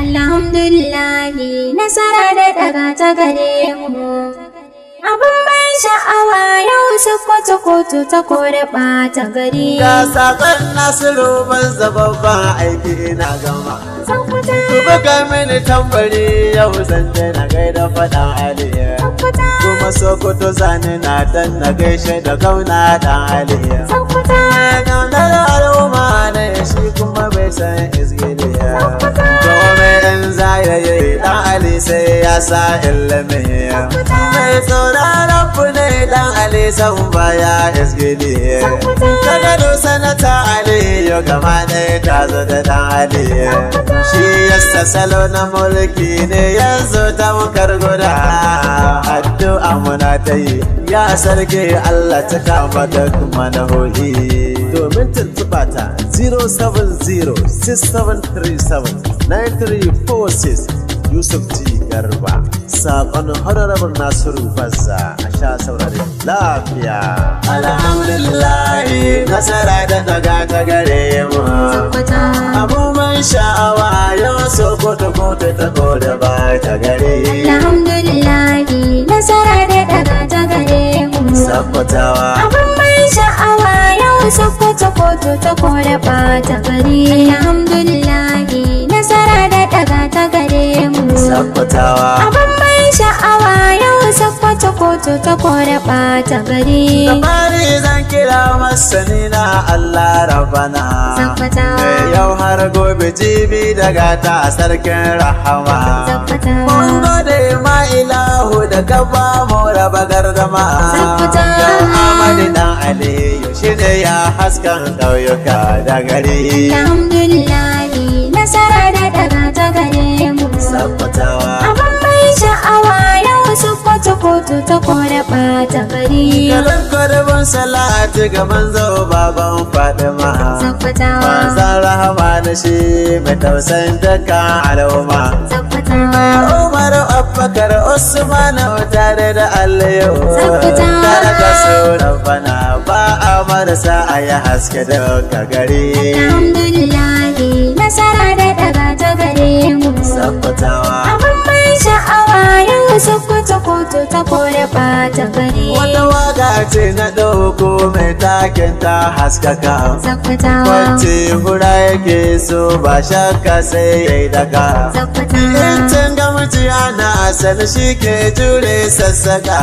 Alhamdulillahi nasara da daga ta gare mu. Abin ban sha'awa yau su kwace ta kore ɓata gari. Ga saƙon Nasiru ban ba aiki na gama. Ku buga mini tambari yau zan na gaida faɗa aliyu. Kuma Sokoto zani na dan na gaishe da gauna dan aliyu. Gauna shi kuma bai san izgiliya komai ɗan zayaye ɗan ali sai ya sa ilimi mai sauraron fune ɗan ali san baya izgiliya daga sanata aliyu gama ne ta zo da dan aliyu shi yasta salo na mulki ne yanzu ta mukar guda muna ta yi ya sarki Allah ta kama da manahohi domin tuntuɓa ta 070-6737-9346 Yusuf T. Garba saƙon honorable Nasiru Bazza a sha saurari lafiya. Alhamdulillah nasara da daga ta gare mu. Abu sha'awa wata kota ta koda ba ta gare alhamdulillahi nasara da daga ta gare mu sha'awa yau sabbata koto ta ba ta gare alhamdulillahi nasara da daga ta gare mu sabbatawa abin sha'awa kwace kotu ta kore ɓata gari Dabari zan kira masani na Allah rabana eh, Yau har gobe jibi daga ta sarkin rahama Mun gode ma ilahu da gaba mu raba gardama Yau amali dan ali shi ne ya haskan ɗauyuka da gari Alhamdulillah nasara da daga ta gare mu Sabbata salatu ta kore bata fari garin kwarabin salatu ga manzo baban fatima sakwatawa san rahama na shi mai tausayin dukkan al'umma sakwatawa umar abubakar usman tare da aliyu tare da sunan fana ba a marasa a yi haske daga gari alhamdulillahi nasara da daga ta gare mu sakwatawa abin mai sha'awa yin sakwatawa wato ta kore bata fari wata waga ce na ɗauko mai taken ta haskaka wacce hura yake so ba shakka sai ya yi daga yancin gamji ana asali shi ke jure sassaka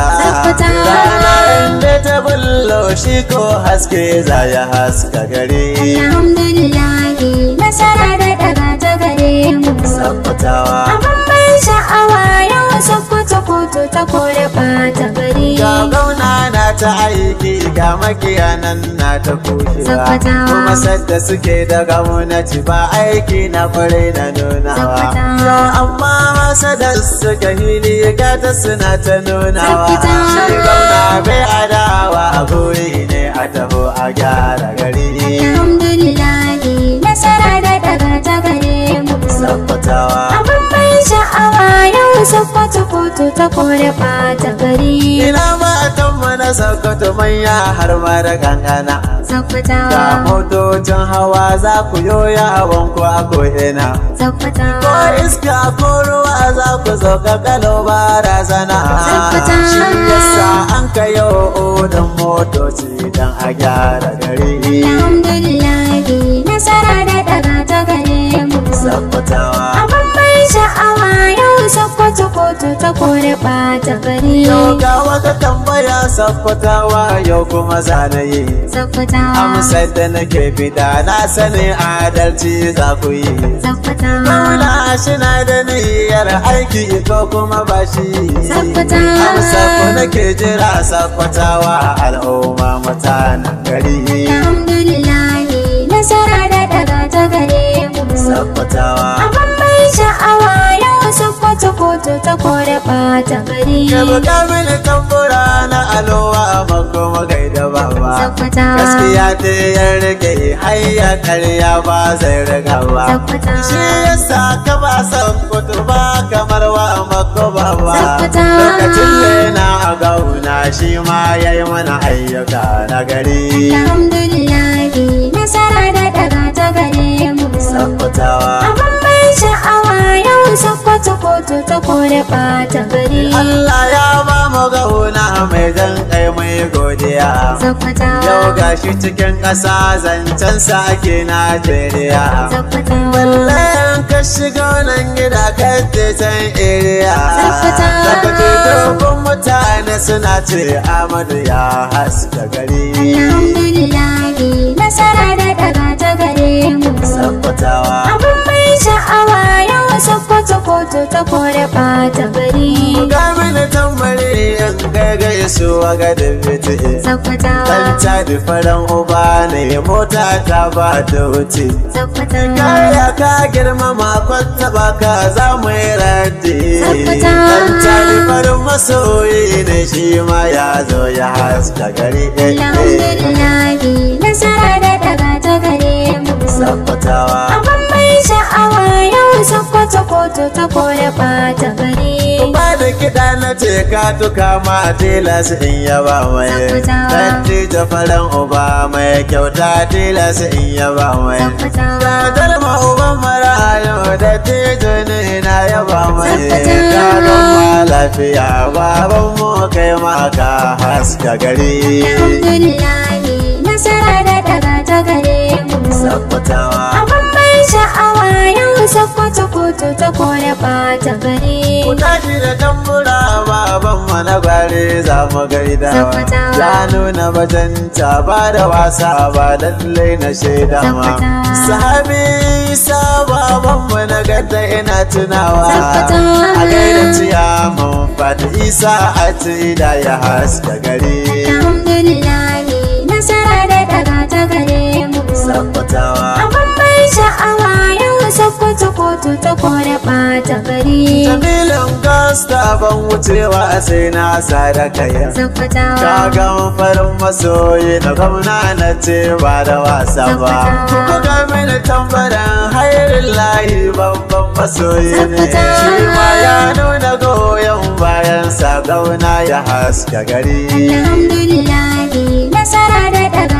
rana inda ta bullo shi ko haske za ya haska gari alhamdulillahi nasara da daga ta gare mu sabbatawa abin ban sha'awa yawan sabbatawa fito ta kore bata ga gauna na ta aiki ga makiyanan na ta ba. kuma sadda suke da gwamnati ba aiki na kware na nunawa amma hasadar suka hili gata suna ta nunawa shi gauna bai adawa a ne a taho a gyara gari alhamdulillah nasara da daga ta gare mu sabbatawa sakkwato kotu ta kore ɓata gari. Ina ma a tamma na sakkwato manya har ma da kankana. Sakkwatawa. Ga motocin hawa za ku yo yawon ku a ko'ina. Sakkwatawa. Ko iska ko ruwa za ku sauka kalo ba razana. Sakkwatawa. Shin yasa an ka yau odin motoci don a gyara gari. Alhamdulillah nasara da daga ta gare mu. Sakkwatawa. Abin ban sha'awa. sakwato kotu ta kore ɓata fari yau ga wata tambaya sakwatawa yau kuma zanayi sakwatawa amsar da nake fita na sani adalci za ku yi sakwatawa mauna shi da niyyar aiki ko kuma bashi. sakwatawa amsar ko nake jira sakwatawa al'umma mutanen gari alhamdulillah nasara da daga ta gare mu sakwatawa abin mai sha'awa mutu ta kore ɓata gari ka buga tambura na alowa a mako magaida baba gaskiya ta yar rage hayya karya ba zai riga ba shi yasa ka ba san kutu ba kamar wa a mako baba lokacin da yana a gauna shi ma ya yi mana ayyuka na gari alhamdulillah nasara da daga ta gare mu sabbatawa mutu ta kore ɓata gari Allah ya ba mu gauna mai zan kai mai godiya yau gashi cikin ƙasa zancen sa ake Najeriya wallahi ka shiga wannan gida ka je can iriya Zakwata dogon mutane suna ce Amadu ya haska gari Alhamdulillah nasara da daga ta gare mu Zakwatawa sakwato-kwato ta kore ɓata gari Gamini tambari yan gargaya su a gadin fiti Sakwata Tanta da faran uba ne mota ta ba ta wuce Sakwata Kaya ka makon kwanta ka za mu yi raddi Sakwata Tanta da farin masoyi ne shi ma ya zo ya haska gari ɗin ɗin. kotu ta koya bata gari ba da kiɗa na ce ka tuka ma a tela su in yaba mai dan tija faran uba mai kyauta tela su in yaba mai kadar ma uban mara yau da tija ne na yaba mai kadar ma lafiya baban mu kai ma ka haska gari alhamdulillah nasara da daga ta gare mu sabbatawa sakwata kotu ta Ku tashi da na gware za mu gaida. Ya nuna bajanta ba da wasa ba lallai na shaida ma. Sahabi na gada ina tunawa. A gaida ciya mun fata isa a ci a Alhamdulillah nasara da daga ta gare mu. Sabbatawa. Abin bai sha'awa. ta kotu ta kore ɓata gari jamilan gasta ban wucewa sai na sada kaya ka ga farin masoyi na gwamna na ce ba da wasa ba ku ga mini tambaran hairin layi babban masoyi ne shi ma ya nuna goyon bayan sa gauna ya haska gari alhamdulillah nasara da daga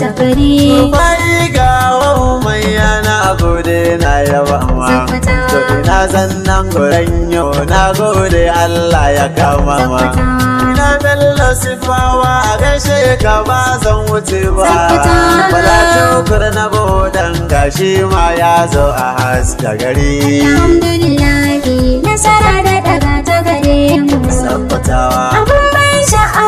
ta fari bai ga wau mai yana gode na yaba ma to Na zannan guren na gode Allah ya kama ma ina bello sifawa a gaishe ka ba zan wuce ba bala tukur na bodan gashi ma ya zo a haska gari alhamdulillah nasara da daga ta gare mu sabbatawa abun ban sha'a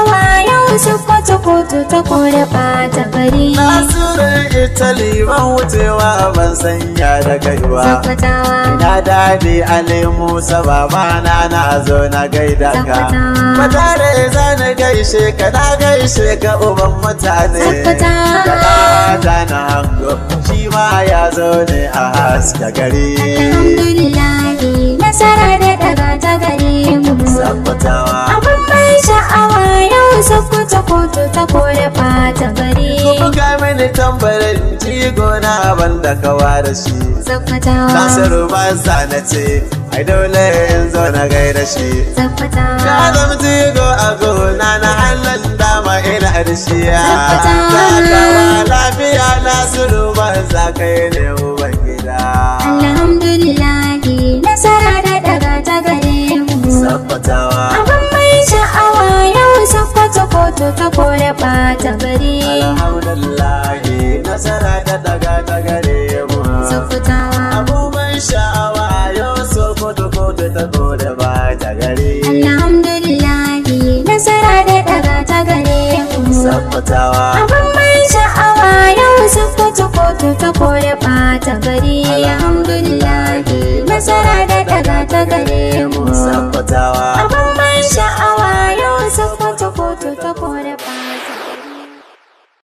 su kwata kotu ta kore bata fari nasirin italy ban wucewa ban sanya da gaiwa. ba na dade ali musa babana na zo na gaida ka fatare zani gaishe ka na gaishe ka uban mutane da ta na hango shima ya zo ne a haska gari alhamdulillah nasara da daga ta gare mu sabbatawa abin mai sakwata kotu ta kore fata gari Kuka mini tambarin jigo na ban da kawa da shi sakwata nasiru ban sa na ce ai dole in zo na gaida shi sakwata na zama jigo a gona na hannun dama ina da shi ya zakawa lafiya nasiru ban sa kai ne uban gida alhamdulillahi nasara da daga ta gare mu sakwatawa ɓata bare alhamdulillah nasara da daga